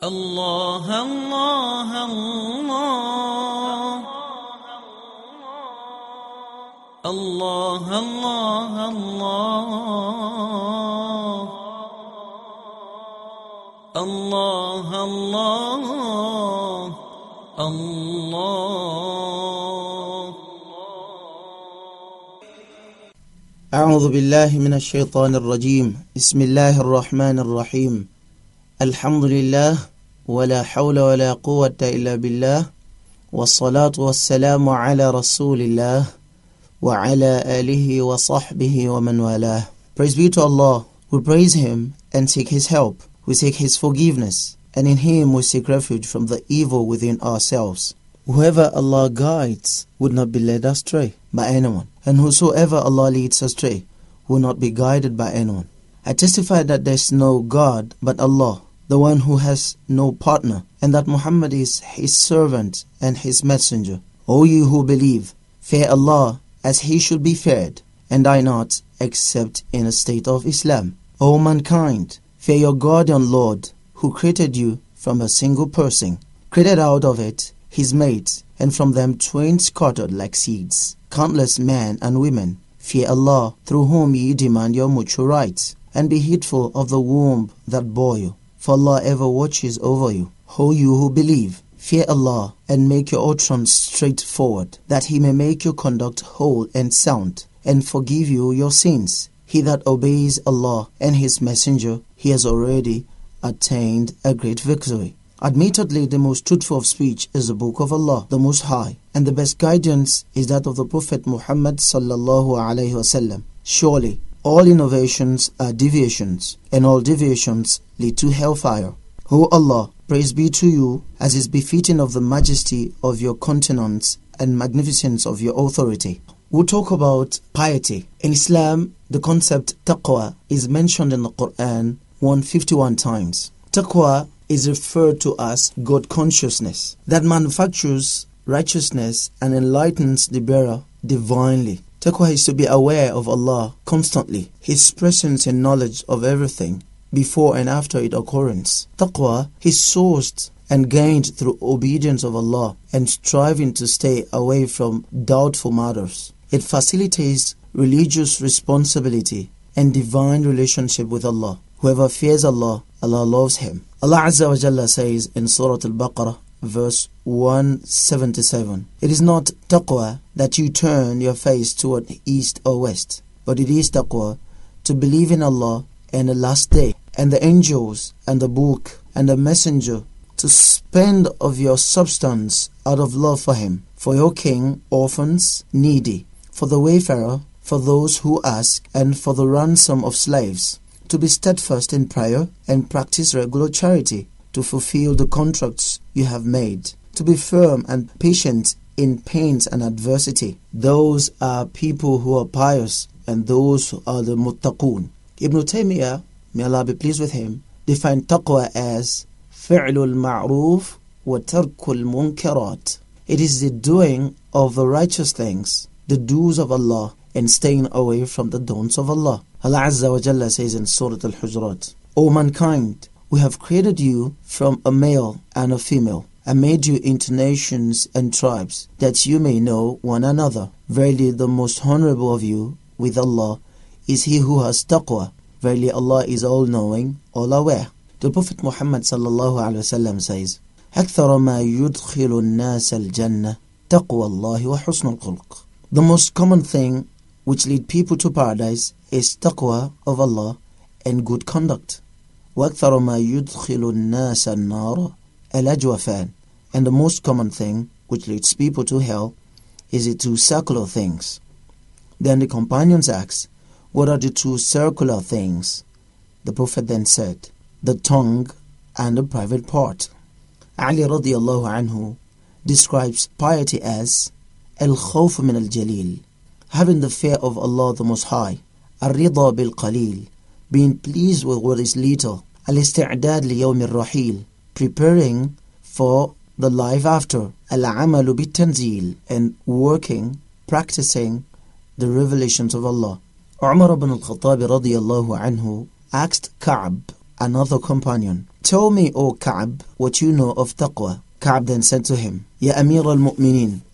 الله الله الله الله الله الله الله الله أعوذ بالله من الشيطان الرجيم بسم الله الرحمن الرحيم الحمد لله ولا حول ولا قوة إلا بالله والصلاة والسلام على رسول الله وعلى آله وصحبه ومن والاه Praise be to Allah, we praise Him and seek His help, we seek His forgiveness, and in Him we seek refuge from the evil within ourselves. Whoever Allah guides would not be led astray by anyone, and whosoever Allah leads astray will not be guided by anyone. I testify that there is no God but Allah the one who has no partner, and that Muhammad is his servant and his messenger. O you who believe, fear Allah as he should be feared, and die not except in a state of Islam. O mankind, fear your guardian Lord who created you from a single person, created out of it his mate, and from them twain scattered like seeds, countless men and women. Fear Allah, through whom ye demand your mutual rights, and be heedful of the womb that bore you for Allah ever watches over you. O you who believe, fear Allah and make your utterance straightforward, that He may make your conduct whole and sound, and forgive you your sins. He that obeys Allah and His Messenger, he has already attained a great victory. Admittedly, the most truthful of speech is the Book of Allah, the Most High, and the best guidance is that of the Prophet Muhammad sallallahu alaihi wasallam. Surely, all innovations are deviations, and all deviations lead to hellfire. O Allah, praise be to you as is befitting of the majesty of your countenance and magnificence of your authority. We'll talk about piety. In Islam, the concept taqwa is mentioned in the Quran 151 times. Taqwa is referred to as God consciousness that manufactures righteousness and enlightens the bearer divinely. Taqwa is to be aware of Allah constantly, His presence and knowledge of everything before and after its occurrence. Taqwa is sourced and gained through obedience of Allah and striving to stay away from doubtful matters. It facilitates religious responsibility and divine relationship with Allah. Whoever fears Allah, Allah loves him. Allah Azza wa Jalla says in Surah Al-Baqarah, verse 177. It is not taqwa that you turn your face toward east or west, but it is taqwa to believe in Allah and the last day and the angels and the book and the messenger to spend of your substance out of love for him, for your king, orphans, needy, for the wayfarer, for those who ask, and for the ransom of slaves, to be steadfast in prayer and practice regular charity, to fulfill the contracts you have made, to be firm and patient in pains and adversity. Those are people who are pious, and those are the muttaqun. Ibn Taymiyyah, may Allah be pleased with him, defined taqwa as fi'lul ma'ruf wa tarkul munkarat. It is the doing of the righteous things, the dues of Allah, and staying away from the don'ts of Allah. Allah Azza wa Jalla says in Surah Al-Hujurat, O mankind, we have created you from a male and a female, and made you into nations and tribes, that you may know one another. Verily, the most honorable of you with Allah is he who has taqwa. Verily, Allah is all knowing, all aware. The Prophet Muhammad says, أكثر ما يدخل الناس الجنة تقوى الله وحسن الخلق The most common thing which lead people to paradise is taqwa of Allah and good conduct. وأكثر ما يدخل الناس النار الأجوفان And the most common thing which leads people to hell is the two circular things. Then the companions asked, What are the two circular things? The Prophet then said, The tongue and the private part. Ali radiallahu anhu describes piety as al khawf min al jalil, having the fear of Allah the Most High, al rida being pleased with what is little, الاستعداد ليوم الرحيل preparing for the life after العمل بالتنزيل and working practicing the revelations of Allah Umar ibn al-Khattab رضي الله عنه asked Ka'b another companion Tell me O Ka'b what you know of taqwa Ka'b then said to him Ya Amir al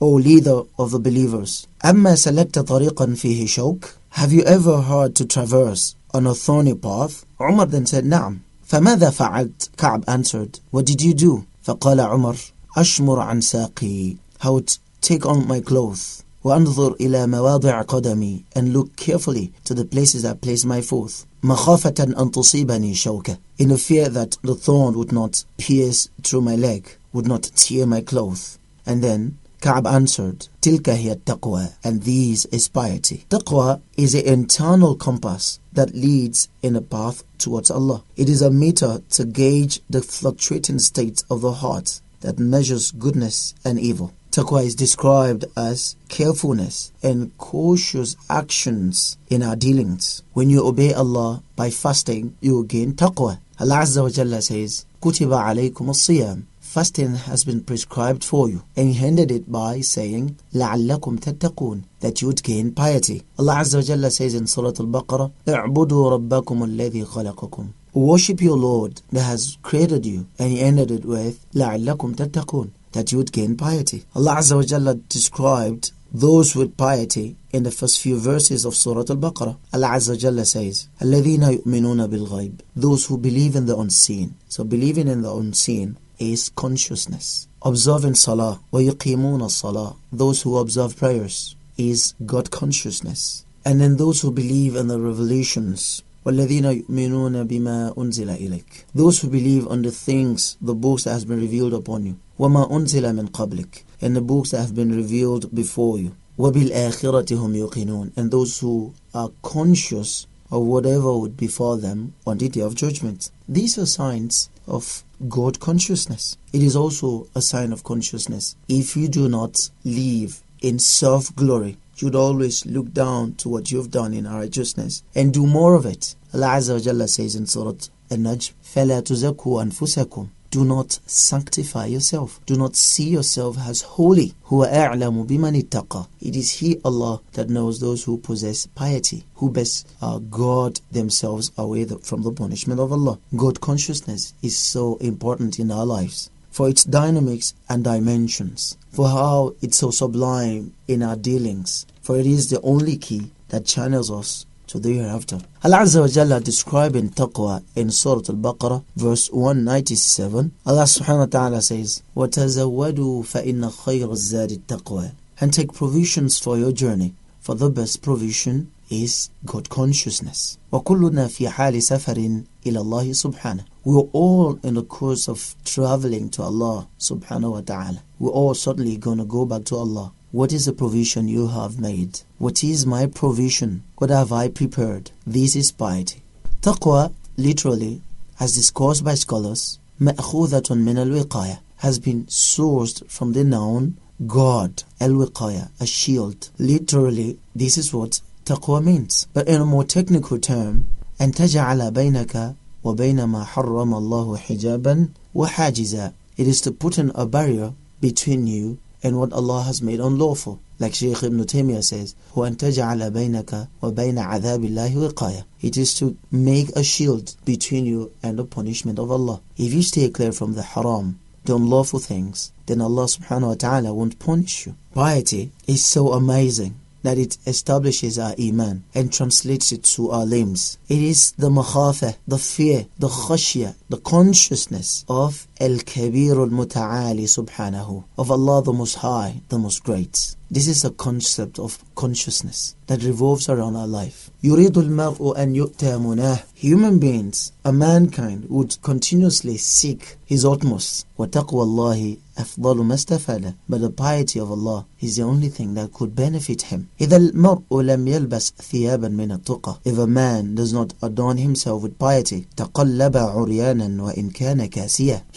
O leader of the believers أما سلكت طريقا فيه شوك Have you ever heard to traverse on a thorny path? Umar then said, Naam. فماذا فعلت? كعب answered, What did you do? فقال عمر, أشمر عن ساقي. How would take on my clothes. وأنظر إلى مواضع قدمي and look carefully to the places I place my foot. مخافة أن تصيبني شوكة in the fear that the thorn would not pierce through my leg, would not tear my clothes. And then Ka'b answered, Tilka hiya taqwa, and these is piety. Taqwa is an internal compass that leads in a path towards Allah. It is a meter to gauge the fluctuating state of the heart that measures goodness and evil. Taqwa is described as carefulness and cautious actions in our dealings. When you obey Allah by fasting, you gain taqwa. Allah Azza wa Jalla says, كُتِبَ عَلَيْكُمُ الصِّيَامِ fasting has been prescribed for you. And he ended it by saying, لَعَلَّكُمْ تَتَّقُونَ That you would gain piety. Allah Azza wa Jalla says in Surah Al-Baqarah, اعْبُدُوا رَبَّكُمُ الَّذِي خَلَقَكُمْ Worship your Lord that has created you. And he ended it with, لَعَلَّكُمْ تَتَّقُونَ That you would gain piety. Allah Azza wa Jalla described those with piety in the first few verses of Surah Al-Baqarah. Allah Azza Jalla says, الَّذِينَ يُؤْمِنُونَ بِالْغَيْبِ Those who believe in the unseen. So believing in the unseen is consciousness. Observing salah, وَيُقِيمُونَ salah, those who observe prayers, is God consciousness. And then those who believe in the revelations, وَالَّذِينَ يُؤْمِنُونَ بِمَا أُنزِلَ إِلَيْكَ Those who believe on the things, the books that has been revealed upon you. وَمَا أُنزِلَ مِنْ قَبْلِكَ And the books that have been revealed before you. وَبِالْآخِرَةِ هُمْ يُقِنُونَ And those who are conscious of whatever would befall them on the day of judgment. These are signs of God consciousness. It is also a sign of consciousness. If you do not live in self glory, you'd always look down to what you've done in righteousness and do more of it. Allah Azza wa Jalla says in Surah An-Najm, فَلَا تُزَكُوا أَنفُسَكُمْ do not sanctify yourself. Do not see yourself as holy. It is He, Allah, that knows those who possess piety, who best uh, guard themselves away from the punishment of Allah. God consciousness is so important in our lives for its dynamics and dimensions, for how it's so sublime in our dealings, for it is the only key that channels us to the hereafter. Allah Azza wa Jalla describing taqwa in Surah Al-Baqarah verse 197. Allah Subhanahu wa Ta'ala says, وَتَزَوَّدُوا فَإِنَّ خَيْرَ الزَّادِ التَّقْوَى And take provisions for your journey, for the best provision is God consciousness. وَكُلُّنَا فِي حَالِ سَفَرٍ إِلَى اللَّهِ سُبْحَانَهُ We're all in the course of traveling to Allah subhanahu wa ta'ala. We're all suddenly going to go back to Allah. What is the provision you have made? What is my provision? What have I prepared? This is piety. Taqwa, literally, as discussed by scholars, min al-wiqaya, has been sourced from the noun God, al-wiqaya, a shield. Literally, this is what taqwa means. But in a more technical term, أن تجعل بينك وبين ما حرم الله حجابا وحاجزا. It is to put in a barrier between you and what Allah has made unlawful. Like Shaykh ibn Taymiyyah says, بَيْنَكَ وَبَيْنَ عَذَابِ اللَّهِ It is to make a shield between you and the punishment of Allah. If you stay clear from the haram, the unlawful things, then Allah subhanahu wa ta'ala won't punish you. Piety is so amazing that it establishes our iman and translates it to our limbs. It is the makhafa, the fear, the khashya, the consciousness of Al-Kabir Al-Muta'ali subhanahu, of Allah the Most High, the Most Great. This is a concept of consciousness that revolves around our life. Human beings, a mankind, would continuously seek his utmost. But the piety of Allah is the only thing that could benefit him. If a man does not adorn himself with piety, He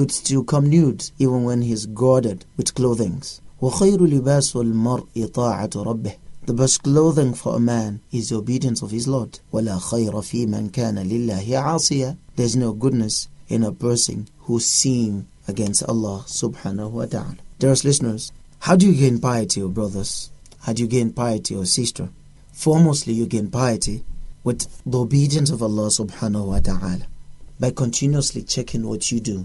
would still come nude, even when he is girded with clothings. وَخَيْرُ لِبَاسُ الْمَرْءِ طَاعَةُ رَبِّهِ The best clothing for a man is obedience of his Lord. وَلَا خَيْرَ فِي مَنْ كَانَ لِلَّهِ عَاصِيًا There's no goodness in a person who's sin against Allah subhanahu wa ta'ala. Dearest listeners, how do you gain piety, O brothers? How do you gain piety, O sister? Foremostly, you gain piety with the obedience of Allah subhanahu wa ta'ala by continuously checking what you do.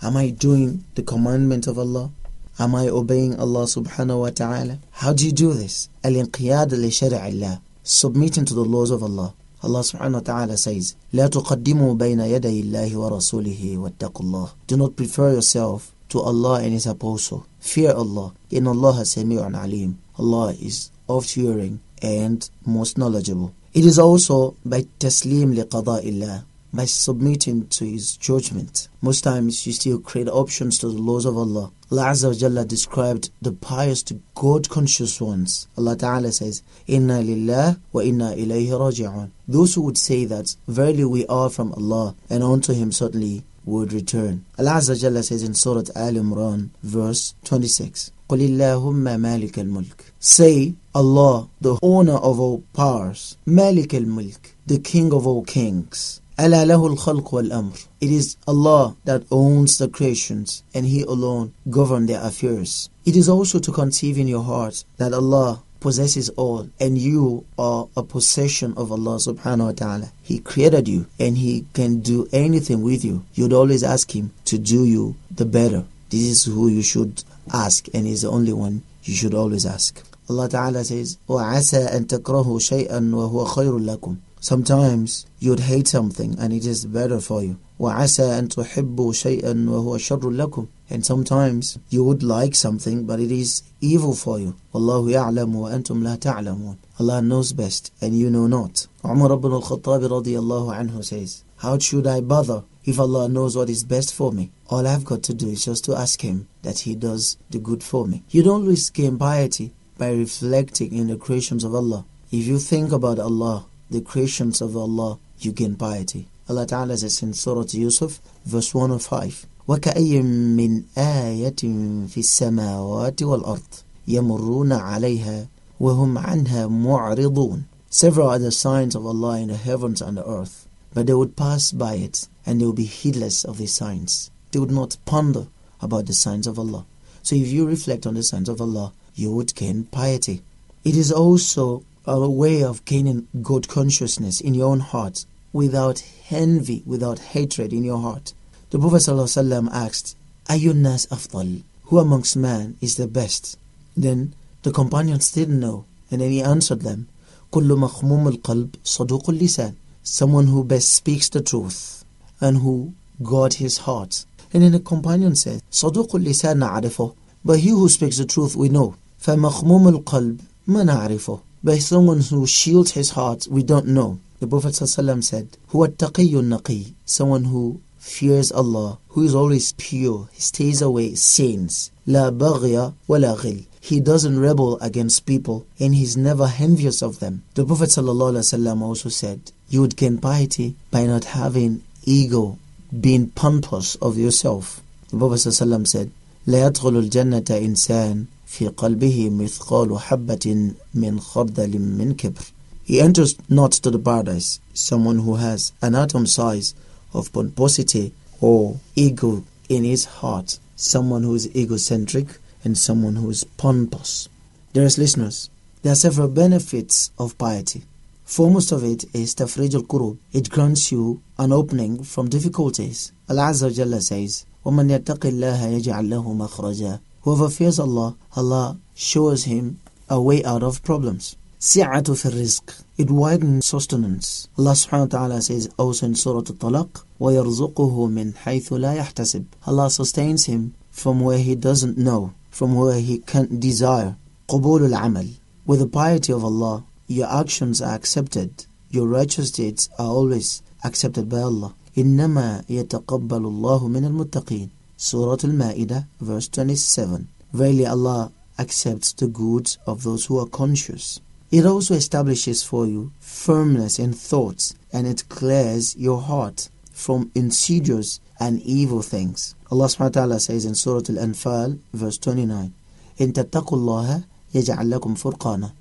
Am I doing the commandment of Allah? Am I obeying Allah subhanahu wa ta'ala? How do you do this? Al-inqiyad li Submitting to the laws of Allah. Allah subhanahu wa ta'ala says, لا تقدموا بين يدي الله ورسوله واتقوا الله. Do not prefer yourself to Allah and His Apostle. Fear Allah. In Allah Sami'un Alim. Allah is of hearing and most knowledgeable. It is also by taslim li qada'illah, by submitting to His judgment. Most times you still create options to the laws of Allah. Allah Azza wa Jalla described the pious to God conscious ones. Allah Ta'ala says, Inna lillah wa inna ilayhi raji'un. Those who would say that, Verily we are from Allah, and unto Him certainly would return. Allah Azza wa Jalla says in Surah Al Imran, verse 26, قُلِ اللَّهُمَّ مَالِكَ الْمُلْكِ Say, Allah, the owner of all powers, Malik al-Mulk, the king of all kings. It is Allah that owns the creations and He alone govern their affairs. It is also to conceive in your heart that Allah possesses all and you are a possession of Allah subhanahu wa ta'ala. He created you and He can do anything with you. You'd always ask Him to do you the better. This is who you should ask and is the only one you should always ask. Allah Ta'ala says, وَعَسَىٰ أَن تَكْرَهُوا شَيْئًا وَهُوَ خَيْرٌ لَكُمْ Sometimes you'd hate something and it is better for you. وَعَسَىٰ أَن تُحِبُّوا شَيْئًا وَهُوَ شَرٌ لَكُمْ And sometimes you would like something but it is evil for you. وَاللَّهُ يَعْلَمُ وَأَنْتُمْ لَا تَعْلَمُونَ Allah knows best and you know not. Umar ibn al-Khattab radiyallahu anhu says, How should I bother if Allah knows what is best for me? All I've got to do is just to ask Him that He does the good for me. You don't risk impiety by reflecting in the creations of Allah. If you think about Allah, the creations of Allah, you gain piety. Allah Ta'ala says in Surah Yusuf, verse 105, وكأي من آية في السماوات والأرض يمرون عليها وهم عنها معرضون Several other signs of Allah in the heavens and the earth, but they would pass by it and they would be heedless of these signs. They would not ponder about the signs of Allah. So if you reflect on the signs of Allah, you would gain piety. It is also a way of gaining God consciousness in your own heart without envy, without hatred in your heart. The Prophet ﷺ asked, nas afdal, who amongst man is the best? Then the companions didn't know, and then he answered them, Kullu makhmum al-qalb saduqul lisan, someone who best speaks the truth and who guard his heart. And then the companion said, Saduqul lisan na'arifu, but he who speaks the truth we know. فَمَخْمُومُ الْقَلْبِ مَا نَعْرِفُهُ by someone who shields his heart, we don't know. The Prophet ﷺ said, Huwa taqiyun naki? someone who fears Allah, who is always pure, he stays away sins. La baghya wa He doesn't rebel against people and he's never envious of them. The Prophet ﷺ also said, You would gain piety by not having ego, being pompous of yourself. The Prophet ﷺ said, لا يدخل الجنة إنسان في قلبه مثقال حبة من خردل من كبر. He enters not to the paradise someone who has an atom size of pomposity or ego in his heart, someone who is egocentric and someone who is pompous. Dearest listeners, there are several benefits of piety. Foremost of it is Tafrij al Qurub. It grants you an opening from difficulties. Allah Azza wa Jalla says, وَمَنْ يَتَّقِ اللَّهَ يَجْعَلْ لَهُ مَخْرَجًا Whoever fears Allah, Allah shows him a way out of problems. Si'atu fil rizq. It widens sustenance. Allah subhanahu wa ta'ala says also in Surah Al-Talaq, وَيَرْزُقُهُ مِنْ حَيْثُ لَا يَحْتَسِبُ Allah sustains him from where he doesn't know, from where he can't desire. قبول العمل. With the piety of Allah, your actions are accepted. Your righteous deeds are always accepted by Allah. إنما يتقبل الله من المتقين Surah Al-Ma'idah, verse 27. Verily Allah accepts the goods of those who are conscious. It also establishes for you firmness in thoughts and it clears your heart from insidious and evil things. Allah subhanahu wa ta'ala says in Surah Al-Anfal, verse 29, إِن تَتَّقُوا اللَّهَ يَجْعَلْ لَكُمْ فُرْقَانًا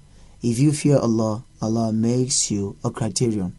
If you fear Allah, Allah makes you a criterion.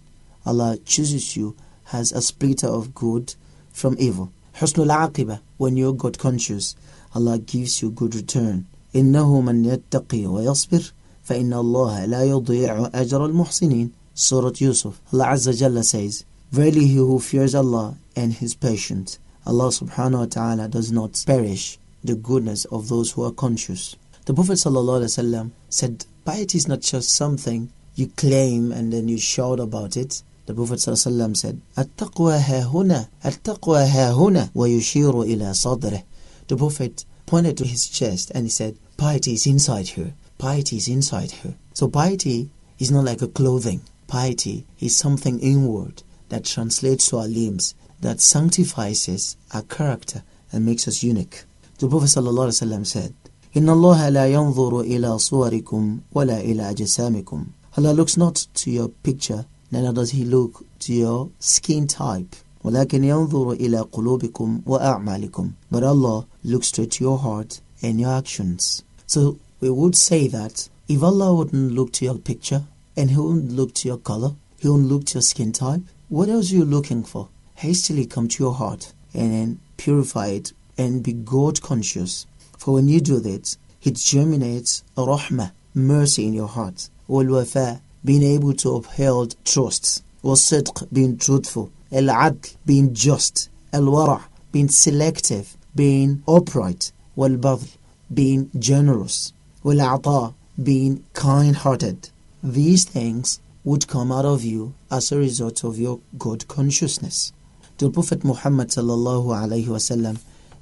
Allah chooses you as a splitter of good from evil. Husnul aqiba, when you're God conscious, Allah gives you good return. إِنَّهُ مَنْ يَتَّقِي وَيَصْبِرْ فَإِنَّ اللَّهَ لَا يُضِيعُ أَجْرَ الْمُحْسِنِينَ Surah Yusuf, Allah Azza Jalla says, Verily he who fears Allah and His patient, Allah subhanahu wa ta'ala does not perish the goodness of those who are conscious. The Prophet ﷺ said, Piety is not just something you claim and then you shout about it, the Prophet ﷺ said, At-taqwa ha-huna, at-taqwa ha-huna, wa yushiru ila sadrih. The Prophet pointed to his chest and he said, piety is inside her, piety is inside her. So piety is not like a clothing. Piety is something inward that translates to our limbs, that sanctifies our character, and makes us unique. The Prophet ﷺ said, إن الله لا ينظر إلى صوركم ولا إلى أجسامكم. Allah looks not to your picture Neither does he look to your skin type. ولكن ينظر إلى قلوبكم وأعمالكم. But Allah looks straight to your heart and your actions. So we would say that if Allah wouldn't look to your picture and He wouldn't look to your color, He wouldn't look to your skin type, what else are you looking for? Hastily come to your heart and then purify it and be God conscious. For when you do that, it germinates rahmah, mercy in your heart, wal wafa, being able to uphold trust, wasidq, being truthful, al-adl, being just, al-wara, being selective, being upright, wal-badl, being generous, wal-ata, being kind-hearted. These things would come out of you as a result of your God consciousness. The Prophet Muhammad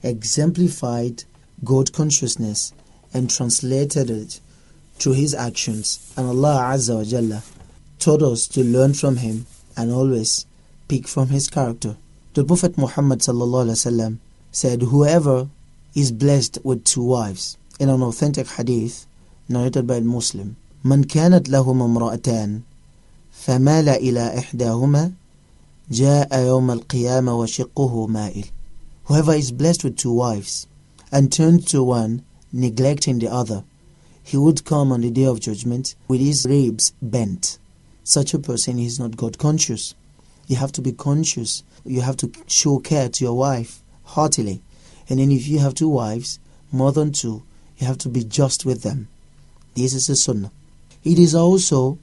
exemplified God consciousness and translated it through his actions, and Allah Azza wa Jalla taught us to learn from him and always pick from his character. The Prophet Muhammad وسلم, said, Whoever is blessed with two wives, in an authentic hadith narrated by a Muslim, من كانت لهما امرأتان فمال إلى إحداهما جاء يوم القيامة وشقه مائل Whoever is blessed with two wives and turns to one neglecting the other he would come on the day of judgment with his ribs bent. Such a person is not God conscious. You have to be conscious. You have to show care to your wife heartily. And then, if you have two wives, more than two, you have to be just with them. This is a sunnah. It is also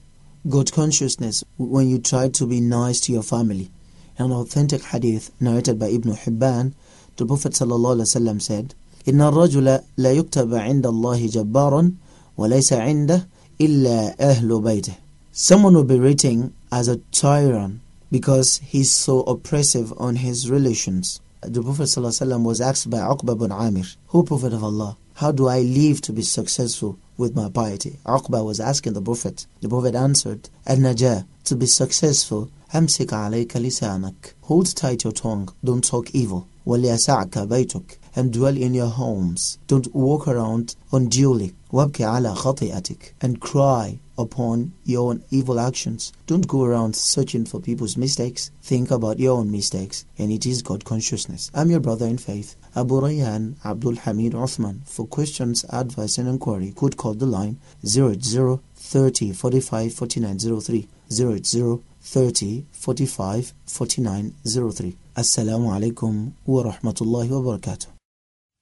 God consciousness when you try to be nice to your family. An authentic hadith narrated by Ibn Hibban, the Prophet ﷺ said, إن الرجل لا يكتب عند الله جبارا وَلَيْسَ عِنْدَهُ إِلَّا أَهْلُ بَيْتِهِ Someone will be written as a tyrant because he's so oppressive on his relations. The Prophet ﷺ was asked by Uqba bin Amir, Who Prophet of Allah? How do I live to be successful with my piety? Uqba was asking the Prophet. The Prophet answered, Al-Najah, to be successful, أمسك عليك لسانك. Hold tight your tongue, don't talk evil. وليسعك بيتك. And dwell in your homes. Don't walk around unduly and cry upon your own evil actions. Don't go around searching for people's mistakes. Think about your own mistakes, and it is God consciousness. I'm your brother in faith, Abu Rayhan Abdul Hamid Uthman. For questions, advice, and inquiry, could call the line 080 30 45 49 03 30 45 49 03. Assalamu alaikum wa rahmatullahi wa barakatuh.